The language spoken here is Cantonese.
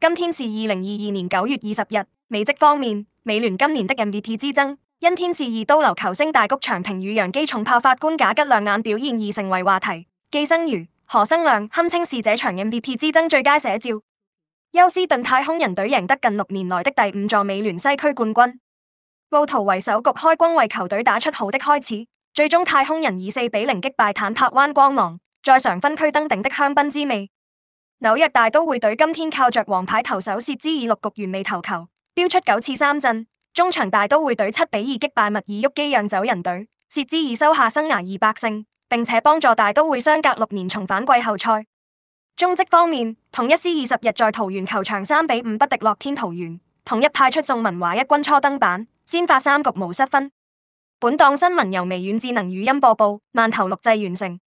今天是二零二二年九月二十日。美職方面，美聯今年的 MVP 之爭，因天使二刀流球星大谷翔平與洋基重炮法官賈吉亮眼表現而成為話題。既生瑜，何生亮堪稱是這場 MVP 之爭最佳寫照。休斯頓太空人隊贏得近六年來的第五座美聯西區冠軍，奧圖維首局開光為球隊打出好的開始，最終太空人以四比零擊敗坦帕灣光芒，再嚐分區登頂的香檳滋味。紐約大都會隊今天靠着王牌投手薛之以六局完美投球，飆出九次三振，中場大都會隊七比二擊敗密爾沃基釀酒人隊，薛之以收下生涯二百勝，並且幫助大都會相隔六年重返季後賽。中職方面，統一獅二十日在桃園球場三比五不敵樂天桃園，統一派出宋文華一軍初登板，先發三局無失分。本檔新聞由微軟智能語音播報，慢投錄製完成。